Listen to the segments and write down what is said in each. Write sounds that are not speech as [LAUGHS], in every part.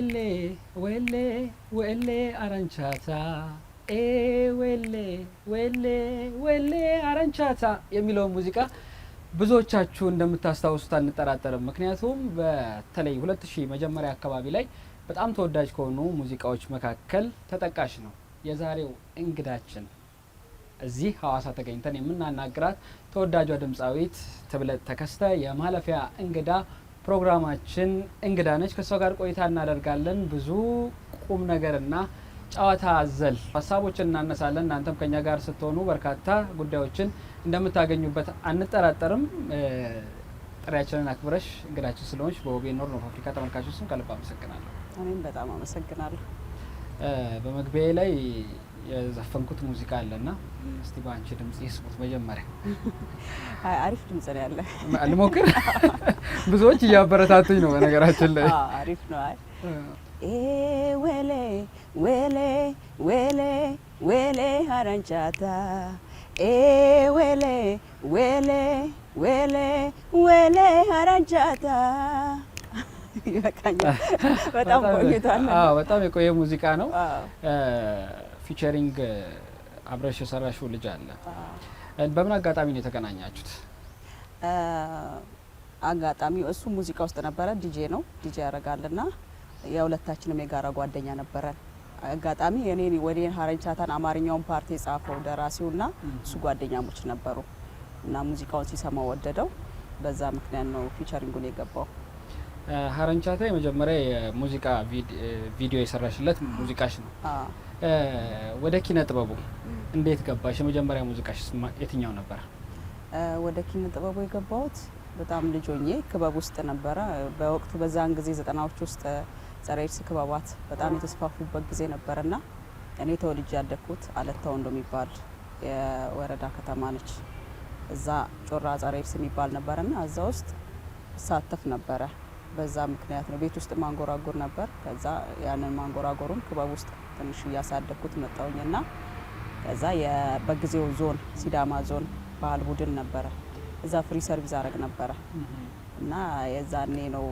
ወሌ ወሌ ወሌ አረንቻታ ወሌ ወሌ ወሌ አረንቻታ የሚለውን ሙዚቃ ብዙዎቻችሁ እንደምታስታውሱት አንጠራጠርም። ምክንያቱም በተለይ ሁለት መጀመሪያ አካባቢ ላይ በጣም ተወዳጅ ከሆኑ ሙዚቃዎች መካከል ተጠቃሽ ነው። የዛሬው እንግዳችን እዚህ ሀዋሳ ተገኝተን የምናናግራት ተወዳጇ ድምፃዊት ትብለጥ ተከስተ የማለፊያ እንግዳ ፕሮግራማችን እንግዳ ነች። ከእሷ ጋር ቆይታ እናደርጋለን። ብዙ ቁም ነገርና ጨዋታ አዘል ሀሳቦችን እናነሳለን። እናንተም ከኛ ጋር ስትሆኑ በርካታ ጉዳዮችን እንደምታገኙበት አንጠራጠርም። ጥሪያችንን አክብረሽ እንግዳችን ስለሆንሽ በወቤ ኖር ኖፍ አፍሪካ ተመልካቾች ስም ከልብ አመሰግናለሁ። እኔም በጣም አመሰግናለሁ። በመግቢያ ላይ የዘፈንኩት ሙዚቃ አለና እስቲ በአንቺ ድምጽ ይስሙት። መጀመሪያ [LAUGHS] አሪፍ ድምጽ ነው ያለ ልሞክር። [LAUGHS] ብዙዎች እያበረታቱኝ ነው በነገራችን ላይ አሪፍ ነው። አይ ወሌ ወሌ ወሌ ወሌ አረንቻታ ወሌ ወሌ ወሌ ወሌ አረንቻታ [LAUGHS] ይበቃኛል። በጣም ቆይቷል። በጣም የቆየ ሙዚቃ ነው ፊቸሪንግ አብረሽ የሰራሽው ልጅ አለ። በምን አጋጣሚ ነው የተገናኛችሁት? አጋጣሚው እሱ ሙዚቃ ውስጥ ነበረ፣ ዲጄ ነው ዲጄ ያደርጋልና የሁለታችንም የጋራ ጓደኛ ነበረን። አጋጣሚ እኔ ወዴን ሀረንቻታን አማርኛውን ፓርቲ የጻፈው ደራሲውና እሱ ጓደኛሞች ነበሩ እና ሙዚቃውን ሲሰማ ወደደው። በዛ ምክንያት ነው ፊቸሪንጉን የገባው። ሀረንቻታ የመጀመሪያ የሙዚቃ ቪዲዮ የሰራሽለት ሙዚቃሽ ነው። ወደ ኪነ ጥበቡ እንዴት ገባሽ? የመጀመሪያ ሙዚቃሽ የትኛው ነበር? ወደ ኪነ ጥበቡ የገባሁት በጣም ልጅ ሆኜ ክበብ ውስጥ ነበረ። በወቅቱ በዛን ጊዜ ዘጠናዎች ውስጥ ጸረ ኤድስ ክበባት በጣም የተስፋፉበት ጊዜ ነበርና እኔ ተወልጄ ያደግኩት አለታ ወንዶ የሚባል የወረዳ ከተማ ነች። እዛ ጮራ ጸረ ኤድስ የሚባል ነበርና እዛ ውስጥ ሳተፍ ነበረ። በዛ ምክንያት ነው ቤት ውስጥ ማንጎራጎር ነበር። ከዛ ያንን ማንጎራጎሩን ክበብ ውስጥ በትንሹ እያሳደግኩት ና ከዛ በጊዜው ዞን ሲዳማ ዞን ባህል ቡድን ነበረ። እዛ ፍሪ ሰርቪስ አረግ ነበረ እና የዛኔ ነው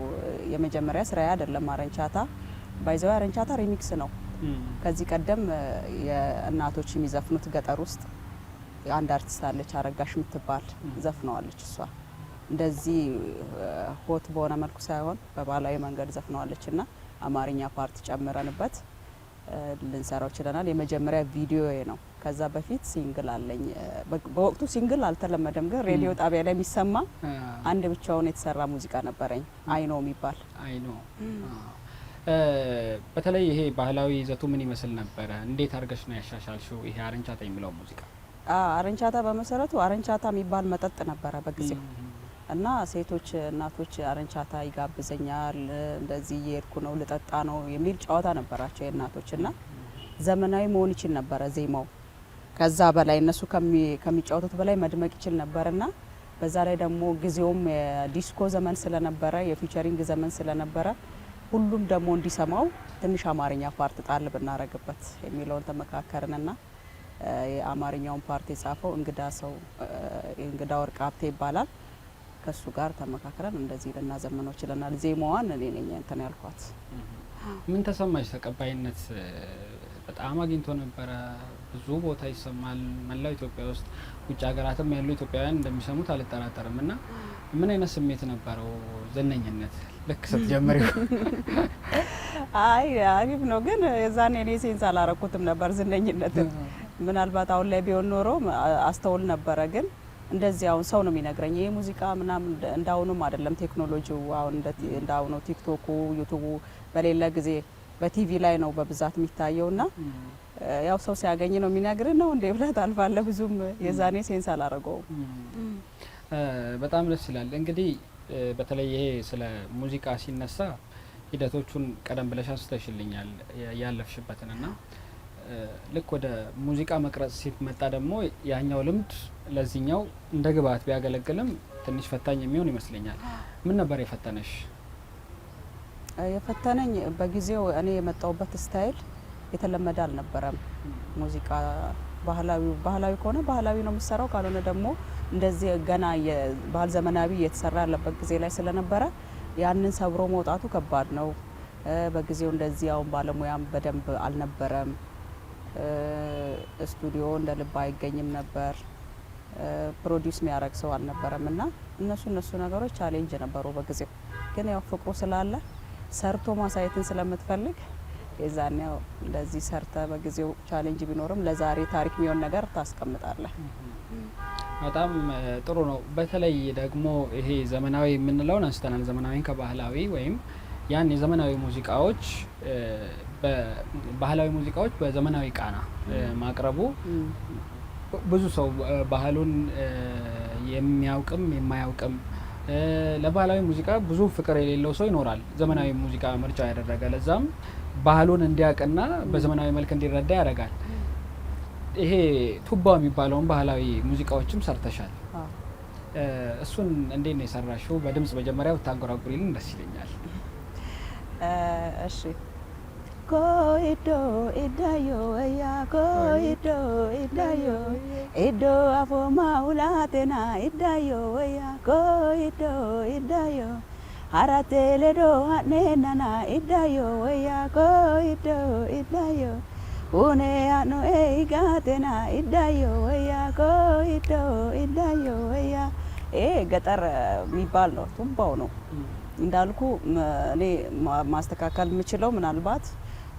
የመጀመሪያ ስራዬ አይደለም። አረንቻታ ባይዘው አረንቻታ ሪሚክስ ነው። ከዚህ ቀደም የእናቶች የሚዘፍኑት ገጠር ውስጥ አንድ አርቲስት አለች አረጋሽ የምትባል ዘፍነዋለች። እሷ እንደዚህ ሆት በሆነ መልኩ ሳይሆን በባህላዊ መንገድ ዘፍነዋለች እና አማርኛ ፓርት ጨምረንበት ልንሰራው ችለናል። የመጀመሪያ ቪዲዮ ነው። ከዛ በፊት ሲንግል አለኝ። በወቅቱ ሲንግል አልተለመደም፣ ግን ሬዲዮ ጣቢያ ላይ የሚሰማ አንድ ብቻውን የተሰራ ሙዚቃ ነበረኝ አይኖ የሚባል አይኖ። በተለይ ይሄ ባህላዊ ይዘቱ ምን ይመስል ነበረ? እንዴት አድርገሽ ነው ያሻሻልሽው? ይሄ አረንቻታ የሚለው ሙዚቃ አረንቻታ፣ በመሰረቱ አረንቻታ የሚባል መጠጥ ነበረ በጊዜው እና ሴቶች እናቶች አረንቻታ ይጋብዘኛል እንደዚህ እየሄድኩ ነው ልጠጣ ነው የሚል ጨዋታ ነበራቸው የእናቶች እና ዘመናዊ መሆን ይችል ነበረ ዜማው ከዛ በላይ እነሱ ከሚጫወቱት በላይ መድመቅ ይችል እና በዛ ላይ ደግሞ ጊዜውም የዲስኮ ዘመን ስለነበረ የፊቸሪንግ ዘመን ስለነበረ ሁሉም ደግሞ እንዲሰማው ትንሽ አማርኛ ፓርት ጣል ብናረግበት የሚለውን ተመካከርንና የአማርኛውን ፓርት የጻፈው እንግዳ ሰው እንግዳ ወርቅ ሀብቴ ይባላል። ከሱ ጋር ተመካክረን እንደዚህ ልናዘምነው ችለናል። ዜማዋን እኔ ነኝ እንትን ያልኳት። ምን ተሰማች? ተቀባይነት በጣም አግኝቶ ነበረ። ብዙ ቦታ ይሰማል፣ መላው ኢትዮጵያ ውስጥ፣ ውጭ ሀገራትም ያሉ ኢትዮጵያውያን እንደሚሰሙት አልጠራጠርም። እና ምን አይነት ስሜት ነበረው? ዝነኝነት ልክ ስትጀምሪው? አይ አሪፍ ነው፣ ግን የዛኔ እኔ ሴንስ አላረኩትም ነበር ዝነኝነትን። ምናልባት አሁን ላይ ቢሆን ኖሮ አስተውል ነበረ ግን እንደዚህ አሁን ሰው ነው የሚነግረኝ። ይሄ ሙዚቃ ምናምን እንዳሁኑም አይደለም ቴክኖሎጂው። አሁን እንዳሁኑ ቲክቶኩ፣ ዩቱቡ በሌለ ጊዜ በቲቪ ላይ ነው በብዛት የሚታየው ና ያው ሰው ሲያገኝ ነው የሚነግር ነው እንዴ ብለት አልፋለ ብዙም የዛኔ ሴንስ አላረገውም። በጣም ደስ ይላል። እንግዲህ በተለይ ይሄ ስለ ሙዚቃ ሲነሳ ሂደቶቹን ቀደም ብለሽ አንስተሽልኛል ያለፍሽበትን ና ልክ ወደ ሙዚቃ መቅረጽ ሲመጣ ደግሞ ያኛው ልምድ ለዚህኛው እንደ ግብአት ቢያገለግልም ትንሽ ፈታኝ የሚሆን ይመስለኛል። ምን ነበር የፈተነሽ? የፈተነኝ በጊዜው እኔ የመጣውበት ስታይል የተለመደ አልነበረም። ሙዚቃ ባህላዊ ባህላዊ ከሆነ ባህላዊ ነው የምሰራው፣ ካልሆነ ደግሞ እንደዚህ ገና ባህል ዘመናዊ እየተሰራ ያለበት ጊዜ ላይ ስለነበረ ያንን ሰብሮ መውጣቱ ከባድ ነው። በጊዜው እንደዚህ አሁን ባለሙያም በደንብ አልነበረም። ስቱዲዮ እንደ ልብ አይገኝም ነበር። ፕሮዲውስ የሚያደርግ ሰው አልነበረም እና እነሱ እነሱ ነገሮች ቻሌንጅ ነበሩ በጊዜው። ግን ያው ፍቅሩ ስላለ ሰርቶ ማሳየትን ስለምትፈልግ የዛን ያው እንደዚህ ሰርተ በጊዜው ቻሌንጅ ቢኖርም ለዛሬ ታሪክ የሚሆን ነገር ታስቀምጣለህ። በጣም ጥሩ ነው። በተለይ ደግሞ ይሄ ዘመናዊ የምንለውን አንስተናል። ዘመናዊን ከባህላዊ ወይም ያን የዘመናዊ ሙዚቃዎች ባህላዊ ሙዚቃዎች በዘመናዊ ቃና ማቅረቡ ብዙ ሰው ባህሉን የሚያውቅም የማያውቅም ለባህላዊ ሙዚቃ ብዙ ፍቅር የሌለው ሰው ይኖራል። ዘመናዊ ሙዚቃ ምርጫ ያደረገ ለዛም ባህሉን እንዲያውቅና በዘመናዊ መልክ እንዲረዳ ያደርጋል። ይሄ ቱባ የሚባለውን ባህላዊ ሙዚቃዎችም ሰርተሻል። እሱን እንዴት ነው የሰራሽው? በድምጽ መጀመሪያ ብታንጎራጉሪልን ደስ ይለኛል። እሺ ko ido idayo ya ko ido idayo ido afo maula maulatena idayo ya ko ido idayo haratele do ne hanenana idayo ya ko ido idayo une ano anu eigatena idayo ya ko ido idayo ya e ገጠር የሚባል ነው። ቱምባው ነው እንዳልኩ እኔ ማስተካከል የምችለው ምናልባት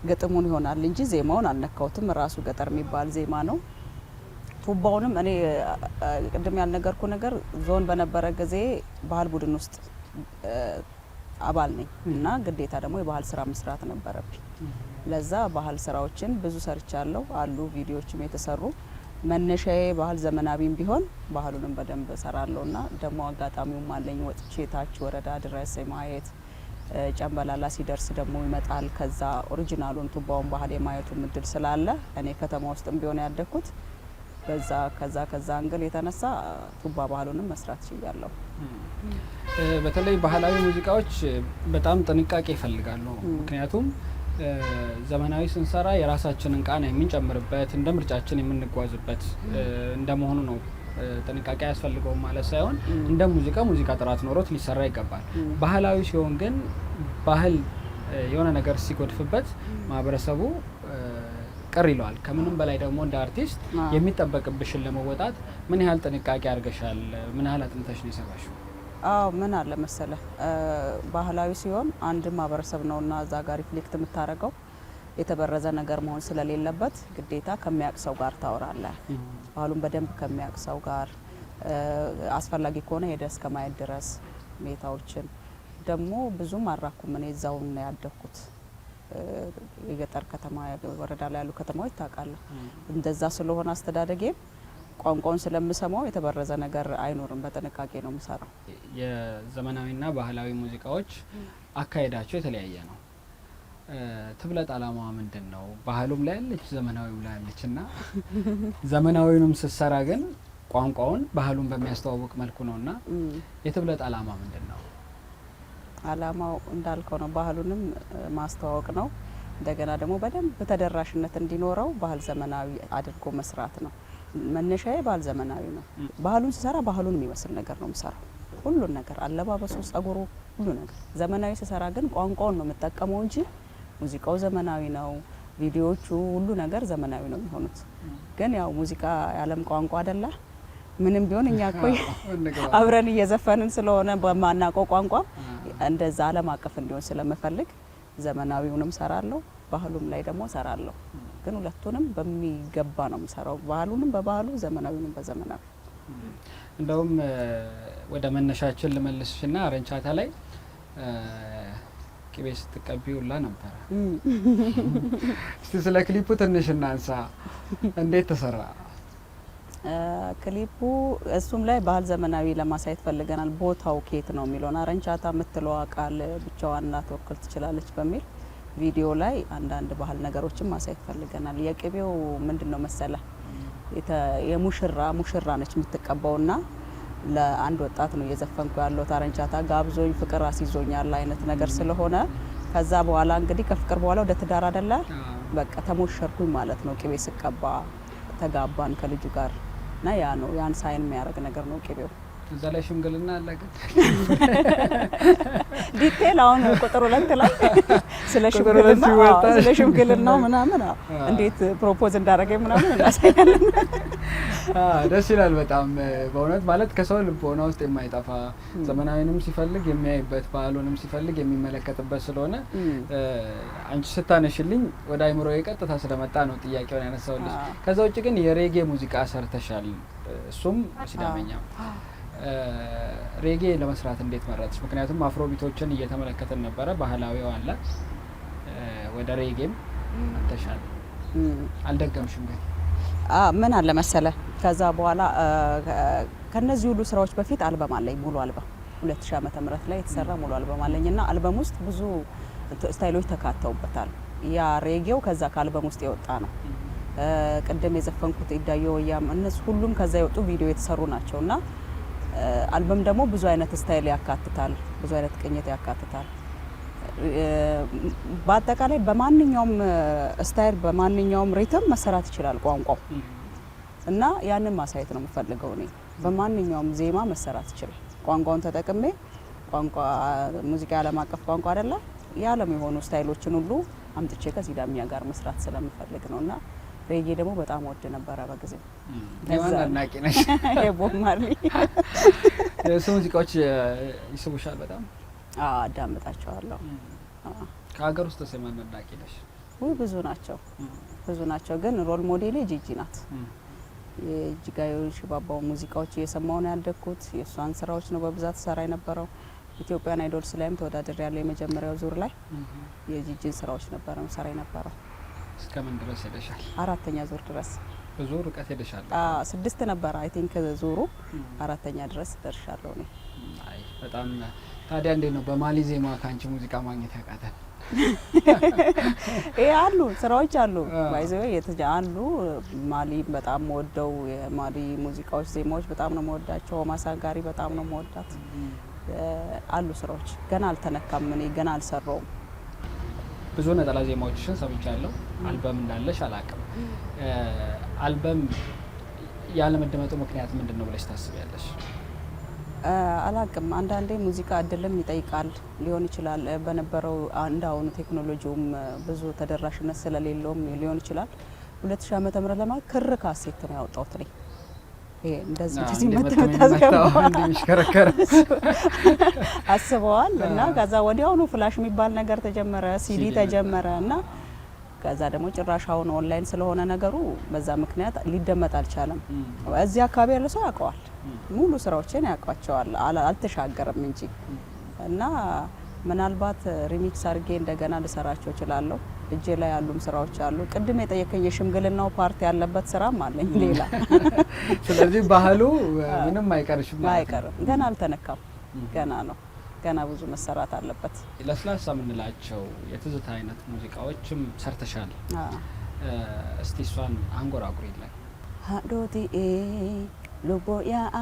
ግጥሙን ይሆናል እንጂ ዜማውን አልነካውትም። ራሱ ገጠር የሚባል ዜማ ነው። ቱባውንም እኔ ቅድም ያልነገርኩ ነገር ዞን በነበረ ጊዜ ባህል ቡድን ውስጥ አባል ነኝ እና ግዴታ ደግሞ የባህል ስራ መስራት ነበረብኝ። ለዛ ባህል ስራዎችን ብዙ ሰርቻለሁ። አሉ ቪዲዮዎችም የተሰሩ መነሻዬ ባህል ዘመናዊም ቢሆን ባህሉንም በደንብ እሰራለሁ እና ደግሞ አጋጣሚውም አለኝ ወጥቼ ታች ወረዳ ድረስ ማየት ጨንበላላ ሲደርስ ደግሞ ይመጣል። ከዛ ኦሪጂናሉን ቱባውን ባህል የማየቱ ምድል ስላለ እኔ ከተማ ውስጥም ቢሆን ያደግኩት በዛ ከዛ ከዛ እንግል የተነሳ ቱባ ባህሉንም መስራት ችያለሁ። በተለይ ባህላዊ ሙዚቃዎች በጣም ጥንቃቄ ይፈልጋሉ። ምክንያቱም ዘመናዊ ስንሰራ የራሳችንን ቃና የምንጨምርበት እንደ ምርጫችን የምንጓዝበት እንደመሆኑ ነው ጥንቃቄ አያስፈልገውም ማለት ሳይሆን እንደ ሙዚቃ ሙዚቃ ጥራት ኖሮት ሊሰራ ይገባል። ባህላዊ ሲሆን ግን ባህል የሆነ ነገር ሲጎድፍበት ማህበረሰቡ ቅር ይለዋል። ከምንም በላይ ደግሞ እንደ አርቲስት የሚጠበቅብሽን ለመወጣት ምን ያህል ጥንቃቄ አድርገሻል? ምን ያህል አጥንተሽ ነው የሰራሽው? አዎ ምን አለ መሰለ ባህላዊ ሲሆን አንድ ማህበረሰብ ነው እና እዛ ጋር ሪፍሌክት የምታደርገው የተበረዘ ነገር መሆን ስለሌለበት ግዴታ ከሚያውቅ ሰው ጋር ታወራለህ። ባህሉን በደንብ ከሚያውቅ ሰው ጋር አስፈላጊ ከሆነ ሄደ እስከ ማየት ድረስ ሁኔታዎችን ደግሞ ብዙም አራኩም። እኔ እዛውን ያደግኩት የገጠር ከተማ ወረዳ ላይ ያሉ ከተማዎች ታውቃለህ። እንደዛ ስለሆነ አስተዳደጌም ቋንቋውን ስለምሰማው የተበረዘ ነገር አይኖርም። በጥንቃቄ ነው የምሰራው። የዘመናዊና ባህላዊ ሙዚቃዎች አካሄዳቸው የተለያየ ነው። ትብለጥ አላማ ምንድን ነው? ባህሉም ላይ ያለች ዘመናዊም ላይ ያለች እና [LAUGHS] ዘመናዊውንም ስትሰራ ግን ቋንቋውን ባህሉን በሚያስተዋውቅ መልኩ ነው እና የትብለጥ አላማ ምንድን ነው? አላማው እንዳልከው ነው፣ ባህሉንም ማስተዋወቅ ነው። እንደገና ደግሞ በደንብ ተደራሽነት እንዲኖረው ባህል ዘመናዊ አድርጎ መስራት ነው። መነሻዬ ባህል ዘመናዊ ነው። ባህሉን ስሰራ ባህሉን የሚመስል ነገር ነው የምሰራው። ሁሉን ነገር አለባበሱ፣ ጸጉሩ፣ ሁሉ ነገር ዘመናዊ ስሰራ ግን ቋንቋውን ነው የምጠቀመው እንጂ ሙዚቃው ዘመናዊ ነው፣ ቪዲዮዎቹ ሁሉ ነገር ዘመናዊ ነው የሚሆኑት። ግን ያው ሙዚቃ የዓለም ቋንቋ አደለ። ምንም ቢሆን እኛ [LAUGHS] ኮይ አብረን እየዘፈንን ስለሆነ በማናውቀው ቋንቋ እንደዛ ዓለም አቀፍ እንዲሆን ስለምፈልግ ዘመናዊውንም ሰራለሁ፣ ባህሉም ላይ ደግሞ ሰራለሁ። ግን ሁለቱንም በሚገባ ነው የምሰራው፣ ባህሉንም በባህሉ ዘመናዊውንም በዘመናዊ እንደውም ወደ መነሻችን ልመልስሽና ረንቻታ ላይ ቅቤ ስትቀቢውላ ነበረ። [LAUGHS] እስቲ ስለ ክሊፑ ትንሽ እናንሳ። እንዴት ተሰራ ክሊፑ? እሱም ላይ ባህል ዘመናዊ ለማሳየት ፈልገናል። ቦታው ኬት ነው የሚለውን አረንቻታ የምትለዋ ቃል ብቻዋን ላትወክል ትችላለች በሚል ቪዲዮ ላይ አንዳንድ ባህል ነገሮችን ማሳየት ፈልገናል። የቅቤው ምንድን ነው መሰለ የሙሽራ ሙሽራ ነች የምትቀባውና ለአንድ ወጣት ነው እየዘፈንኩ ያለው አረንቻታ ጋብዞኝ ፍቅር አስይዞኛል አይነት ነገር ስለሆነ ከዛ በኋላ እንግዲህ ከፍቅር በኋላ ወደ ትዳር አደለ በቃ ተሞሸርኩኝ ማለት ነው። ቅቤ ስቀባ ተጋባን ከልጁ ጋር እና ያ ነው ያን ሳይን የሚያደርግ ነገር ነው ቅቤው። እዛ ላይ ሽምግልና አለ ግን ዲቴል አሁን ቁጥር ሁለት ላይ ስለ ሽምግልና ስለ ሽምግልናው ምናምን እንዴት ፕሮፖዝ እንዳደረገ ምናምን እናሳያለን። ደስ ይላል በጣም በእውነት ማለት ከሰው ልቦና ውስጥ የማይጠፋ ዘመናዊንም ሲፈልግ የሚያይበት ባህሉንም ሲፈልግ የሚመለከትበት ስለሆነ አንቺ ስታነሽልኝ ወደ አይምሮ የቀጥታ ስለመጣ ነው ጥያቄውን ያነሳውልሽ። ከዛ ውጭ ግን የሬጌ ሙዚቃ ሰርተሻል፣ እሱም ሲዳመኛ ሬጌ ለመስራት እንዴት መረጥሽ? ምክንያቱም አፍሮ ቢቶችን እየተመለከትን ነበረ፣ ባህላዊው አለ፣ ወደ ሬጌም ተሻለ አልደገምሽም ግን ምን አለ መሰለ፣ ከዛ በኋላ ከነዚህ ሁሉ ስራዎች በፊት አልበም አለኝ፣ ሙሉ አልበም 2000 ዓመተ ምህረት ላይ የተሰራ ሙሉ አልበም አለኝ እና አልበም ውስጥ ብዙ ስታይሎች ተካተውበታል። ያ ሬጌው ከዛ ከአልበም ውስጥ የወጣ ነው። ቅድም የዘፈንኩት ኢዳዮ ወያም እነሱ ሁሉም ከዛ የወጡ ቪዲዮ የተሰሩ ናቸው እና አልበም ደግሞ ብዙ አይነት ስታይል ያካትታል፣ ብዙ አይነት ቅኝት ያካትታል። በአጠቃላይ በማንኛውም ስታይል በማንኛውም ሪትም መሰራት ይችላል ቋንቋው እና ያንን ማሳየት ነው የምፈልገው እኔ። በማንኛውም ዜማ መሰራት ይችላል ቋንቋውን ተጠቅሜ ቋንቋ ሙዚቃ የዓለም አቀፍ ቋንቋ አይደለም የዓለም የሆኑ ስታይሎችን ሁሉ አምጥቼ ዳሚያ ጋር መስራት ስለምፈልግ ነው እና በዬ ደግሞ በጣም ወድ ነበረ በጊዜው። ለማን አድናቂ ነሽ? [LAUGHS] የቦብ ማርሊ [LAUGHS] የእሱ ሙዚቃዎች ይስቡሻል በጣም? አዎ አዳምጣቸዋለሁ። ከሀገር ውስጥ የማን አድናቂ ነሽ? ውይ ብዙ ናቸው ብዙ ናቸው፣ ግን ሮል ሞዴሌ ጂጂ ናት። የእጅጋየሁ ሽባባው ሙዚቃዎች እየሰማሁ ነው ያደግኩት። የእሷን ስራዎች ነው በብዛት ሰራ የነበረው። ኢትዮጵያን አይዶልስ ላይም ተወዳድሬ ያለው የመጀመሪያው ዙር ላይ የጂጂን ስራዎች ነበረ ሰራ የነበረው። እስከምን ድረስ ሄደሻል? አራተኛ ዙር ድረስ ብዙ ርቀት ሄደሻል። ስድስት ነበር አይ ቲንክ ዙሩ፣ አራተኛ ድረስ ደርሻለሁ ነው። አይ በጣም ታዲያ እንዴት ነው በማሊ ዜማ ከአንቺ ሙዚቃ ማግኘት ያቃተን? [LAUGHS] ይሄ አሉ ስራዎች አሉ ባይዘው የተጃ አሉ ማሊ በጣም ወደው የማሊ ሙዚቃዎች ዜማዎች በጣም ነው መወዳቸው። ማሳጋሪ በጣም ነው መወዳት። አሉ ስራዎች ገና አልተነካም። እኔ ገና አልሰራውም። ብዙ ነጠላ ዜማዎችሽን ሰምቻለሁ። አልበም እንዳለሽ አላቅም። አልበም ያለመደመጡ ምክንያት ምንድን ነው ብለሽ ታስቢያለሽ? አላቅም። አንዳንዴ ሙዚቃ እድልም ይጠይቃል ሊሆን ይችላል። በነበረው እንደ አሁኑ ቴክኖሎጂውም ብዙ ተደራሽነት ስለሌለውም ሊሆን ይችላል። ሁለት ዓመተ ምህረት ለማ ክር ካሴት ነው ያወጣሁት እኔ እንደዚህ አስበዋል እና ከዛ ወዲያውኑ ፍላሽ የሚባል ነገር ተጀመረ፣ ሲዲ ተጀመረ እና ከዛ ደግሞ ጭራሽ አሁን ኦንላይን ስለሆነ ነገሩ በዛ ምክንያት ሊደመጥ አልቻለም። እዚህ አካባቢ ያለ ሰው ያውቀዋል፣ ሙሉ ስራዎችን ያውቋቸዋል። አልተሻገርም እንጂ እና ምናልባት ሪሚክስ አድርጌ እንደገና ልሰራቸው እችላለሁ። እጄ ላይ ያሉም ስራዎች አሉ። ቅድም የጠየቀኝ የሽምግልናው ፓርቲ ያለበት ስራም አለኝ ሌላ። [LAUGHS] ስለዚህ ባህሉ ምንም አይቀርሽም፣ አይቀርም። ገና አልተነካም፣ ገና ነው። ገና ብዙ መሰራት አለበት። ለስላሳ የምንላቸው የትዝታ አይነት ሙዚቃዎችም ሰርተሻል። እስቲ እሷን አንጎራጉሪልን። ሀዶቲኤ ልቦ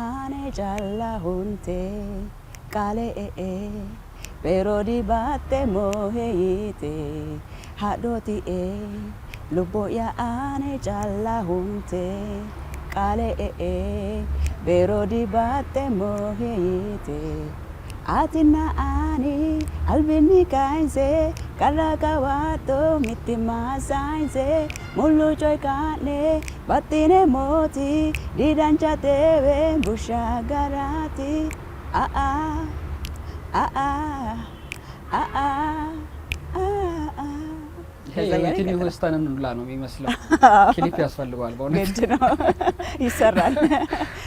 አኔ ጃላ ሁንቴ ቃሌ ፔሮዲ ባቴ ሞሄይቴ ሀዶቲኤ ልቦ አኔ ጃላ ሁንቴ ቃሌ ፔሮዲ ባቴ ሞሄይቴ atina ani albini kainse kalakawato mitima sainse mulu choi kane batine moti didancha teve busha garati a a a a a a ከዘመትን ውስጠንን ላ ነው የሚመስለው። ክሊፕ ያስፈልገዋል በእውነት ነው ይሰራል።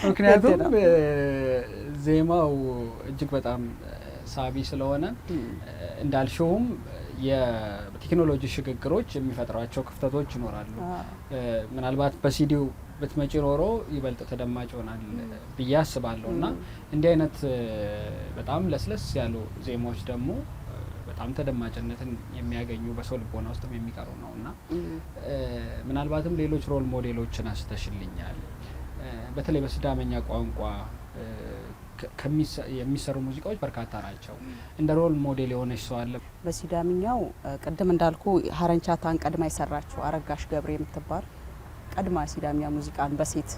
ምክንያቱም ዜማው እጅግ በጣም ሳቢ ስለሆነ እንዳልሽውም የቴክኖሎጂ ሽግግሮች የሚፈጥሯቸው ክፍተቶች ይኖራሉ። ምናልባት በሲዲው ብትመጪ ኖሮ ይበልጥ ተደማጭ ይሆናል ብዬ አስባለሁ እና እንዲህ አይነት በጣም ለስለስ ያሉ ዜማዎች ደግሞ በጣም ተደማጭነትን የሚያገኙ በሰው ልቦና ውስጥም የሚቀሩ ነው እና ምናልባትም ሌሎች ሮል ሞዴሎችን አስተሽልኛል በተለይ በስዳመኛ ቋንቋ የሚሰሩ ሙዚቃዎች በርካታ ናቸው። እንደ ሮል ሞዴል የሆነች ሰው አለ። በሲዳምኛው ቅድም እንዳልኩ ሀረንቻታን ቀድማ የሰራችው አረጋሽ ገብሬ የምትባል ቀድማ ሲዳሚያ ሙዚቃን በሴት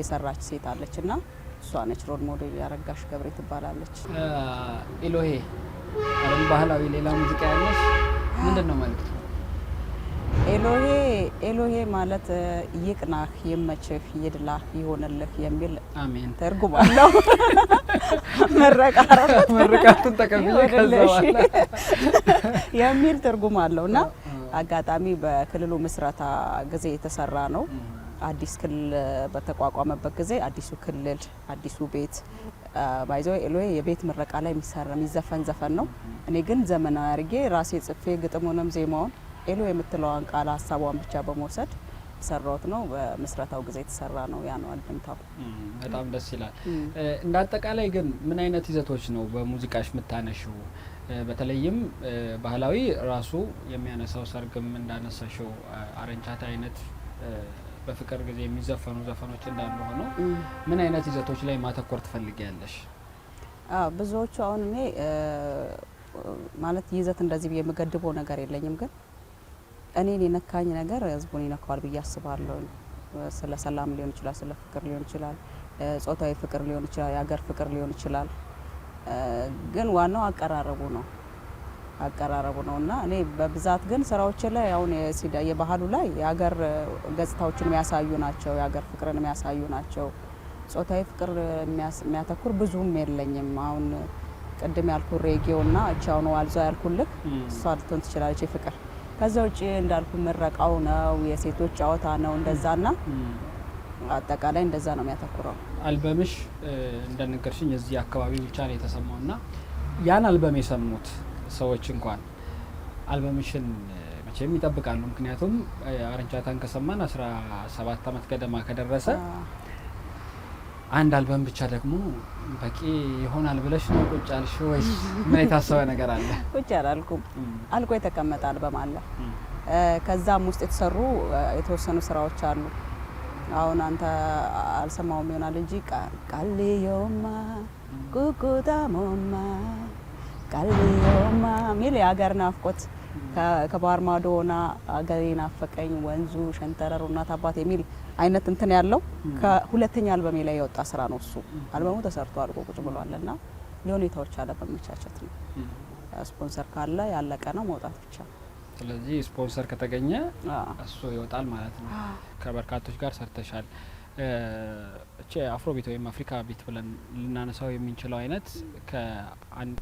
የሰራች ሴት አለች እና እሷ ነች ሮል ሞዴል። ያረጋሽ ገብሬ ትባላለች። ኤሎሄ ባህላዊ ሌላ ሙዚቃ ያለች ምንድን ነው መልክቱ? ኤሎሄ ኤሎሄ ማለት ይቅናህ፣ ይመችህ፣ ይድላህ፣ ይሆንልህ የሚል ትርጉም አለው። [LAUGHS] መረቃቱን ተቀብዬ [LAUGHS] የሚል ትርጉም አለው እና አጋጣሚ በክልሉ ምስረታ ጊዜ የተሰራ ነው። አዲስ ክልል በተቋቋመበት ጊዜ አዲሱ ክልል አዲሱ ቤት ባይዘ ኤሎሄ የቤት ምረቃ ላይ የሚዘፈን ዘፈን ነው። እኔ ግን ዘመናዊ አድርጌ ራሴ ጽፌ ግጥሙንም ዜማውን ኤሎ የምትለዋን ቃል ሀሳቧን ብቻ በመውሰድ ሰራውት ነው። በምስረታው ጊዜ የተሰራ ነው። ያ ነው አልበምታው። በጣም ደስ ይላል። እንደ አጠቃላይ ግን ምን አይነት ይዘቶች ነው በሙዚቃሽ የምታነሽው? በተለይም ባህላዊ ራሱ የሚያነሳው ሰርግም እንዳነሳሽው አረንቻታ አይነት በፍቅር ጊዜ የሚዘፈኑ ዘፈኖች እንዳሉ ሆኖ ምን አይነት ይዘቶች ላይ ማተኮር ትፈልጊያለሽ? ብዙዎቹ አሁን እኔ ማለት ይዘት እንደዚህ የምገድበው ነገር የለኝም ግን እኔን የነካኝ ነገር ህዝቡን ይነካዋል ብዬ አስባለሁ። ስለ ሰላም ሊሆን ይችላል፣ ስለ ፍቅር ሊሆን ይችላል፣ ጾታዊ ፍቅር ሊሆን ይችላል፣ የሀገር ፍቅር ሊሆን ይችላል። ግን ዋናው አቀራረቡ ነው አቀራረቡ ነው እና እኔ በብዛት ግን ስራዎች ላይ አሁን የባህሉ ላይ የሀገር ገጽታዎችን የሚያሳዩ ናቸው፣ የሀገር ፍቅርን የሚያሳዩ ናቸው። ጾታዊ ፍቅር የሚያተኩር ብዙም የለኝም። አሁን ቅድም ያልኩ ሬጌው እና እቻውን ዋልዛ ያልኩልክ እሷ ልትሆን ትችላለች ፍቅር ከዛ ውጭ እንዳልኩ ምረቃው ነው የሴቶች ጨዋታ ነው እንደዛና አጠቃላይ እንደዛ ነው የሚያተኩረው። አልበምሽ እንደነገርሽኝ እዚህ አካባቢ ብቻ ነው የተሰማው ያን አልበም የሰሙት ሰዎች እንኳን አልበምሽን መቼም ይጠብቃሉ። ምክንያቱም አረንቻታን ከሰማን አስራ ሰባት አመት ገደማ ከደረሰ አንድ አልበም ብቻ ደግሞ በቂ ይሆናል ብለሽ ነው ቁጭ አልሽ ወይስ ምን የታሰበ ነገር አለ? ቁጭ አላልኩም። አልቆ የተቀመጠ አልበም አለ። ከዛም ውስጥ የተሰሩ የተወሰኑ ስራዎች አሉ። አሁን አንተ አልሰማውም ይሆናል እንጂ ቃልዮማ ቁቁጣሞማ ቃልዮማ ሚል የሀገር ናፍቆት ከባህር ማዶ ሆና ሀገሬ ናፈቀኝ ወንዙ ሸንተረሩ እናት አባት የሚል አይነት እንትን ያለው ከሁለተኛ አልበሜ ላይ የወጣ ስራ ነው። እሱ አልበሙ ተሰርቶ አልቆ ቁጭ ብሏልና እና ለሁኔታዎች አለ ነው። ስፖንሰር ካለ ያለቀ ነው መውጣት ብቻ። ስለዚህ ስፖንሰር ከተገኘ እሱ ይወጣል ማለት ነው። ከበርካቶች ጋር ሰርተሻል። አፍሮ ቤት ወይም አፍሪካ ቤት ብለን ልናነሳው የምንችለው አይነት ከአንድ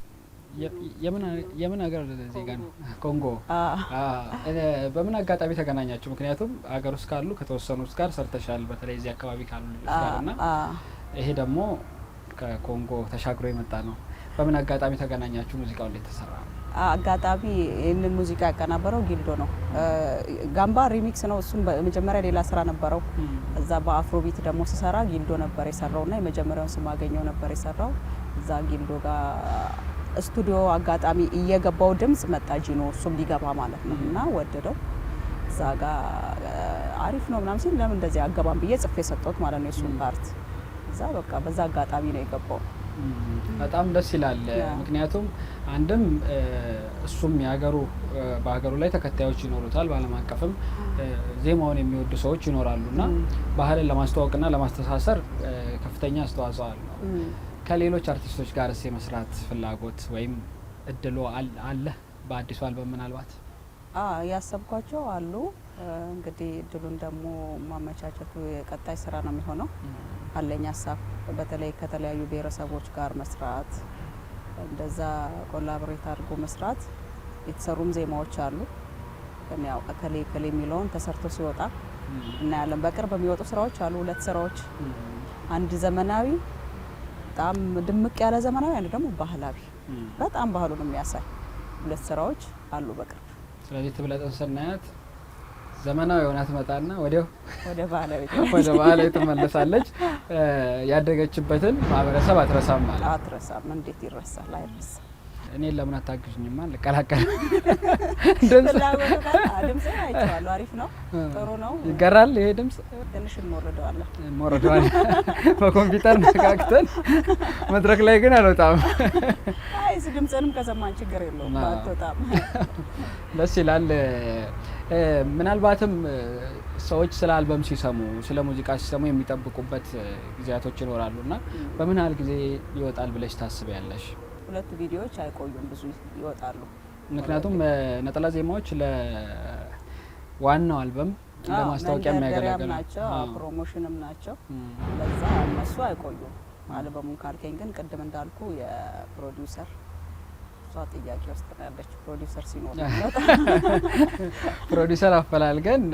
የምን ሀገር ዜጋ ነው? ኮንጎ። በምን አጋጣሚ ተገናኛችሁ? ምክንያቱም ሀገር ውስጥ ካሉ ከተወሰኑት ጋር ሰርተሻል፣ በተለይ እዚህ አካባቢ ካሉ ልጆች ጋር እና ይሄ ደግሞ ከኮንጎ ተሻግሮ የመጣ ነው። በምን አጋጣሚ ተገናኛችሁ? ሙዚቃው እንዴት ተሰራ? አጋጣሚ ይህንን ሙዚቃ ያቀናበረው ጊልዶ ነው። ጋምባ ሪሚክስ ነው። እሱም መጀመሪያ ሌላ ስራ ነበረው። እዛ በአፍሮቢት ደግሞ ስሰራ ጊልዶ ነበር የሰራው እና የመጀመሪያውን ስም አገኘው ነበር የሰራው እዛ ጊልዶ ጋር ስቱዲዮ አጋጣሚ እየገባው ድምጽ መጣ ጂኖ፣ እሱም ሊገባ ማለት ነው እና ወደደው እዛ ጋ አሪፍ ነው ምናምን ሲል ለምን እንደዚህ አገባም ብዬ ጽፌ የሰጠሁት ማለት ነው የእሱን ፓርት እዛ በቃ በዛ አጋጣሚ ነው የገባው። በጣም ደስ ይላል። ምክንያቱም አንድም እሱም የሀገሩ በሀገሩ ላይ ተከታዮች ይኖሩታል፣ በአለም አቀፍም ዜማውን የሚወዱ ሰዎች ይኖራሉ እና ባህልን ለማስተዋወቅና ለማስተሳሰር ከፍተኛ አስተዋጽኦ አለው። ከሌሎች አርቲስቶች ጋር የመስራት ፍላጎት ወይም እድሎ አለ? በአዲሱ አልበም ምናልባት ያሰብኳቸው አሉ። እንግዲህ እድሉን ደግሞ ማመቻቸቱ የቀጣይ ስራ ነው የሚሆነው። አለኝ ሀሳብ በተለይ ከተለያዩ ብሔረሰቦች ጋር መስራት፣ እንደዛ ኮላቦሬት አድርጎ መስራት። የተሰሩም ዜማዎች አሉ። ያው እከሌ እከሌ የሚለውን ተሰርቶ ሲወጣ እናያለን። በቅርብ የሚወጡ ስራዎች አሉ፣ ሁለት ስራዎች፣ አንድ ዘመናዊ በጣም ድምቅ ያለ ዘመናዊ፣ አንድ ደግሞ ባህላዊ በጣም ባህሉን የሚያሳይ ሁለት ስራዎች አሉ በቅርብ። ስለዚህ ትብለጥን ስናያት ዘመናዊ የሆነ ትመጣና ወዲያው ወደ ባህላዊ [LAUGHS] ወደ ባህላዊ ትመለሳለች። ያደገችበትን ማህበረሰብ አትረሳም ማለት አትረሳም። እንዴት ይረሳል? አይረሳም። እኔን ለምን አታግዥኝማ? ልቀላቀል። ድምጽ አይቼዋለሁ። አሪፍ ነው፣ ጥሩ ነው። ይገራል። ይሄ ድምጽ ትንሽ እንወርደዋለን፣ እንወርደዋለን። በኮምፒውተር ነካክተን መድረክ ላይ ግን አልወጣም። አይ ድምጽንም ከሰማን ችግር የለውም፣ አትወጣም። ደስ ይላል። ምናልባትም ሰዎች ስለ አልበም ሲሰሙ ስለ ሙዚቃ ሲሰሙ የሚጠብቁበት ጊዜያቶች ይኖራሉ እና በምን ያህል ጊዜ ይወጣል ብለሽ ታስቢያለሽ? ሁለት ቪዲዮዎች አይቆዩም፣ ብዙ ይወጣሉ። ምክንያቱም ነጠላ ዜማዎች ለዋናው አልበም ለማስታወቂያ የሚያገለግል ናቸው፣ ፕሮሞሽንም ናቸው። ለዛ እነሱ አይቆዩም። አልበሙን ካልከኝ ግን ቅድም እንዳልኩ የፕሮዲውሰር ጥያቄ ውስጥ ነው ያለችው። ፕሮዲውሰር ሲኖር [LAUGHS] ፕሮዲውሰር አፈላልገን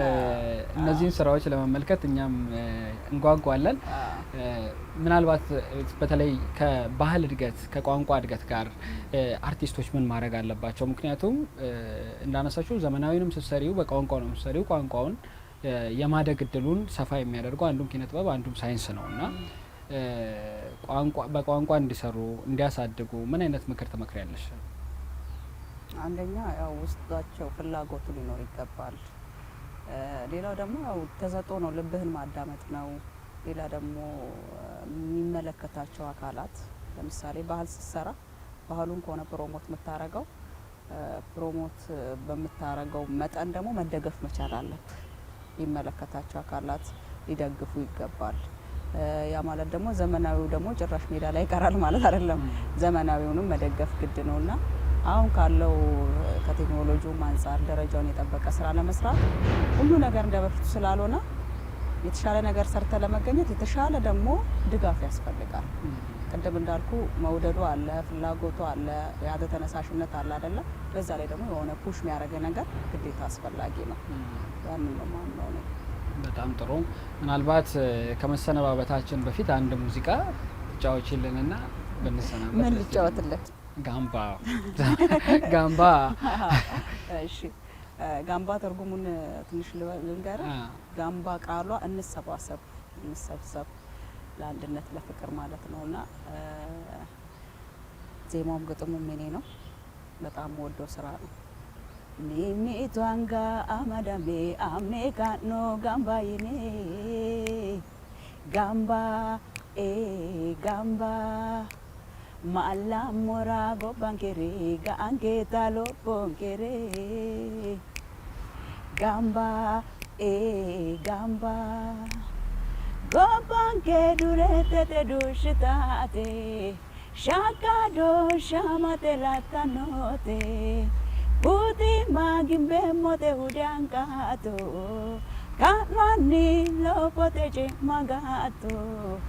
እነዚህን ስራዎች ለመመልከት እኛም እንጓጓለን። ምናልባት በተለይ ከባህል እድገት ከቋንቋ እድገት ጋር አርቲስቶች ምን ማድረግ አለባቸው? ምክንያቱም እንዳነሳችሁ ዘመናዊንም ስትሰሪው በቋንቋ ነው የምትሰሪው። ቋንቋውን የማደግ እድሉን ሰፋ የሚያደርገው አንዱም ኪነ ጥበብ አንዱም ሳይንስ ነው እና በቋንቋ እንዲሰሩ እንዲያሳድጉ ምን አይነት ምክር ትመክሪያለሽ? አንደኛ ያው ውስጣቸው ፍላጎቱ ሊኖር ይገባል። ሌላው ደግሞ ያው ተሰጥኦ ነው፣ ልብህን ማዳመጥ ነው። ሌላ ደግሞ የሚመለከታቸው አካላት ለምሳሌ ባህል ስትሰራ ባህሉን ከሆነ ፕሮሞት የምታረገው ፕሮሞት በምታረገው መጠን ደግሞ መደገፍ መቻል አለብ። የሚመለከታቸው አካላት ሊደግፉ ይገባል። ያ ማለት ደግሞ ዘመናዊው ደግሞ ጭራሽ ሜዳ ላይ ይቀራል ማለት አይደለም። ዘመናዊውንም መደገፍ ግድ ነው እና አሁን ካለው ከቴክኖሎጂውም አንጻር ደረጃውን የጠበቀ ስራ ለመስራት ሁሉ ነገር እንደ በፊቱ ስላልሆነ የተሻለ ነገር ሰርተ ለመገኘት የተሻለ ደግሞ ድጋፍ ያስፈልጋል። ቅድም እንዳልኩ መውደዱ አለ፣ ፍላጎቱ አለ፣ የያዘ ተነሳሽነት አለ አይደለም። በዛ ላይ ደግሞ የሆነ ፑሽ የሚያደርገ ነገር ግዴታ አስፈላጊ ነው። ያንን ነው ማምነው ነው። በጣም ጥሩ። ምናልባት ከመሰነባበታችን በፊት አንድ ሙዚቃ ጫዎችልንና ብንሰናበት ምን ልጫወትለት? ጋምባ [LAUGHS] ጋምባ። [LAUGHS] እሺ ጋምባ ትርጉሙን ትንሽ ልንገር ጋምባ ቃሏ እንሰባሰብ፣ እንሰብሰብ ለአንድነት ለፍቅር ማለት ነው። እና ዜማውም ግጥሙም የኔ ነው። በጣም ወዶ ስራ ነው። ሚሚቷንጋ አመዳሜ አሜካ ኖ ጋምባ ይኔ ጋምባ ኤ ጋምባ Mala morago bangere angeta lo bongere Gamba eh, gamba Go Gobange dure te te Shaka do shama dushitate Shakado shamate latanote Budi magimbe mote udangato Kamani lopote jimagato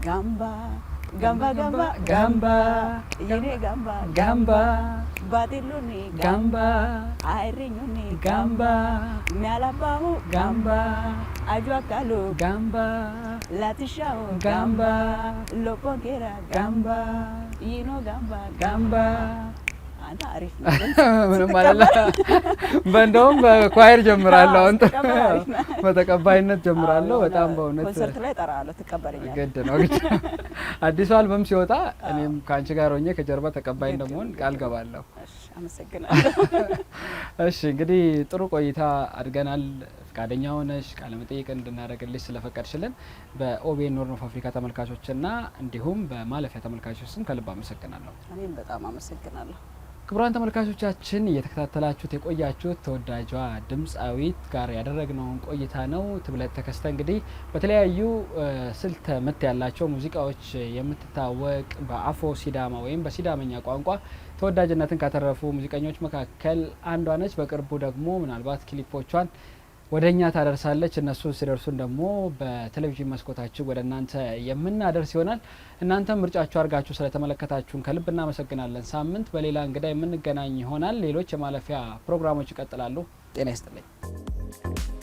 Gamba ጋምባ ጋምባ ጋምባ የኔ ጋምባ ጋምባ ባጢሉኒ ጋምባ አይሪኙኒ ጋምባ ሚያላባሁ ጋምባ አጇካሉ ጋምባ ላትሻው ጋምባ ሎፖንኬራ ጋምባ ይኖ ጋምባ ጋምባ አሪፍ ነው። [LAUGHS] ምንም አይደለ። በእንደውም በኳየር ጀምራለሁ። አንተ [LAUGHS] በተቀባይነት ጀምራለሁ። በጣም በእውነት ኮንሰርት ላይ እጠራለሁ፣ ትቀበለኛለህ። ግድ ነው ግድ ነው። [LAUGHS] አዲሱ አልበም ሲወጣ እኔም ከአንቺ ጋር ሆኜ ከጀርባ ተቀባይ እንደመሆን ቃል ገባለሁ። አመሰግናለሁ። እሺ፣ እንግዲህ ጥሩ ቆይታ አድርገናል። ፈቃደኛ ሆነሽ ቃለ መጠይቅ እንድናደርግልሽ ስለፈቀድሽልን በኦቤን ኖርን ኦፍ አፍሪካ ተመልካቾችና እንዲሁም በማለፊያ ተመልካቾች ስም ከልብ አመሰግናለሁ። እኔም በጣም አመሰግናለሁ። ክቡራን ተመልካቾቻችን እየተከታተላችሁት የቆያችሁት ተወዳጇ ድምፃዊት ጋር ያደረግነውን ቆይታ ነው። ትብለጥ ተከስተ እንግዲህ በተለያዩ ስልተ ምት ያላቸው ሙዚቃዎች የምትታወቅ በአፎ ሲዳማ ወይም በሲዳመኛ ቋንቋ ተወዳጅነትን ካተረፉ ሙዚቀኞች መካከል አንዷ ነች። በቅርቡ ደግሞ ምናልባት ክሊፖቿን ወደ እኛ ታደርሳለች። እነሱ ሲደርሱን ደግሞ በቴሌቪዥን መስኮታችን ወደ እናንተ የምናደርስ ይሆናል። እናንተም ምርጫችሁ አድርጋችሁ ስለተመለከታችሁን ከልብ እናመሰግናለን። ሳምንት በሌላ እንግዳ የምንገናኝ ይሆናል። ሌሎች የማለፊያ ፕሮግራሞች ይቀጥላሉ። ጤና ይስጥልኝ።